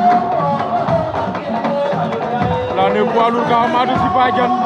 moom la ne poids lourd ka Amadou Sy Badiane